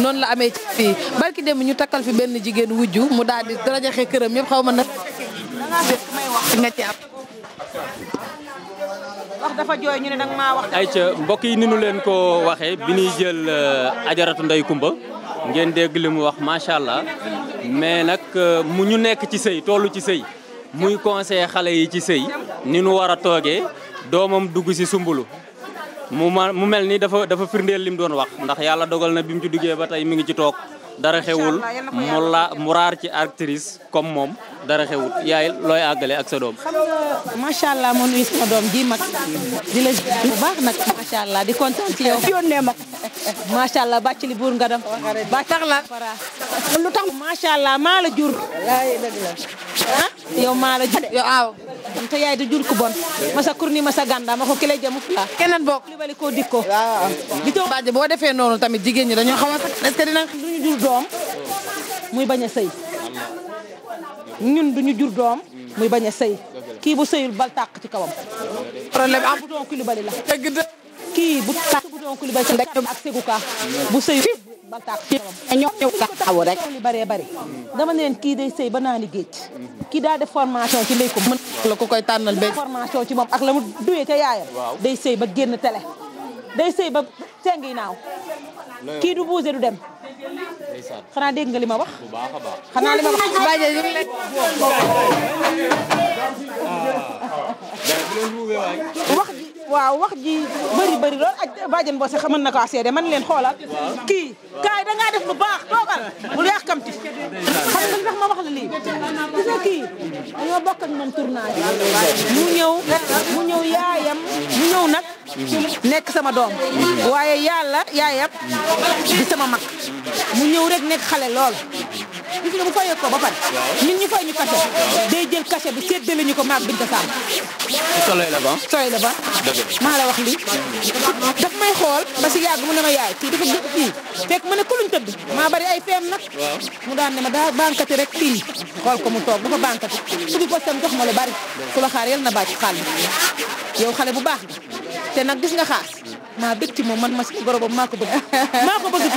noonu la amee ci fii barki dem ñu takkal fi benn jigéen wujju mu daal di rajaxe këram yëpp xaw ma na ci am wax nag ay ca mbokk yi ni nu leen ko waxee bi ñuy jël euh, ajaratu ndey kumba ngeen dégg li mu wax macha allah mais nag euh, mu ñu nekk ci sëy tollu ci sëy muy conseiller xale yi ci sëy ni nu war a toogee doomam dugg si sumbulu. mu mu mel ni dafa dafa firndeel li mu doon wax ndax yàlla dogal na bi mu ci ba tey mi ngi ci toog dara xewul mu la mu raar ci actrice comme moom dara xewul yaay looy àggale ak sa doom. xam nga macha allah ma nuyu doom ji mag di la bu baax nag macha allah di kontaan ci yow. yónnee ma macha allah bàcc li buur nga dem. ba tax la lu tax macha allah maa la jur. Ah, yow maa jur te yaay di jur ku bon masa kurni masa ganda ma ko kilay jamu fula keneen bokk li bali koo dikko waaw li to boo defee noonu tamit jigéen ñi dañoo xaw a sax est-ce que dinañ duñu jur doom muy bañ a sëy ñun duñu jur doom muy bañ a sëy kii bu sëyul bal tàq ci kawam problème am bu doon Coulibaly la kii bu tàq bu doon Coulibaly ak Ségou Ka bu sëyul ñoo ñëw taxaw rek li bëree bëri dama neen kii day sëy ba naani géej kii daa def formation ci ndey ko mën la ko koy tànnal ba formation ci moom ak la mu duwee ca yaayam day sëy ba génn télé day sëy ba seng yi naaw kii du bougé du dem xanaa dégg nga li ma wax bu baax a baax xanaa li ma wax baaje ñu ngi lay wax waaw wax ji bëri bëri lool ak bàjjen boo sax mën na kaa man leen xoolal kii kaay dangaa def lu baax toogal bul yàkkamti xam nga ndax ma wax la lii gis kii dañoo bokk ak moom tournage mu ñëw mu yaayam mu ñëw nag nekk sama doom waaye yàlla yaayam di sama mag mu ñëw rek nekk xale lool gis nga bu fayee ko ba pare. ñun ñu fay ñu cachet. day jël cachet bi séddale ñu ko maag Binta Samb. la ba. soloy la maa la wax li daf may xool ba si yàgg mu ne ma yaay kii dafa gëpp kii fekk ma ne ku tëdd maa bari ay feem nag. mu daan ne ma daa bànkati rek kii xool ko mu toog dafa bànkati su bi postam jox ma lu bari ku la xaar yal na bàcc xaal bi yow xale bu baax nga te nag gis nga xaar. maa bëgg ci moom man ma si goro boobu maa ko bëgg maa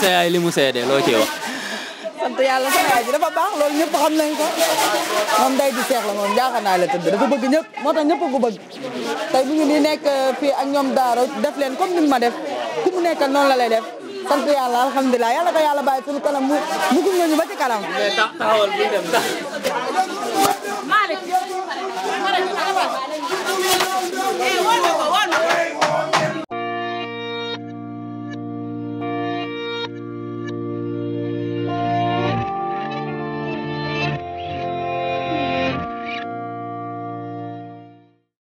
sa yaay li mu seede loo ciy sant yàlla sama yaay ji dafa baax loolu ñëpp xam nañ ko moom day di seex la moom jaaxal naa la tëdd dafa bëgg ñëpp moo tax ñëpp a ko bëgg tey bu ngi nekk euh, fii ak ñoom daaro def leen comme ni ma def ku nekk nekkal noonu la lay def sant yàlla alhamdulilah yàlla ko yàlla bàyyi suñu kanam mu mu gunge ñu ba ci kanam. mais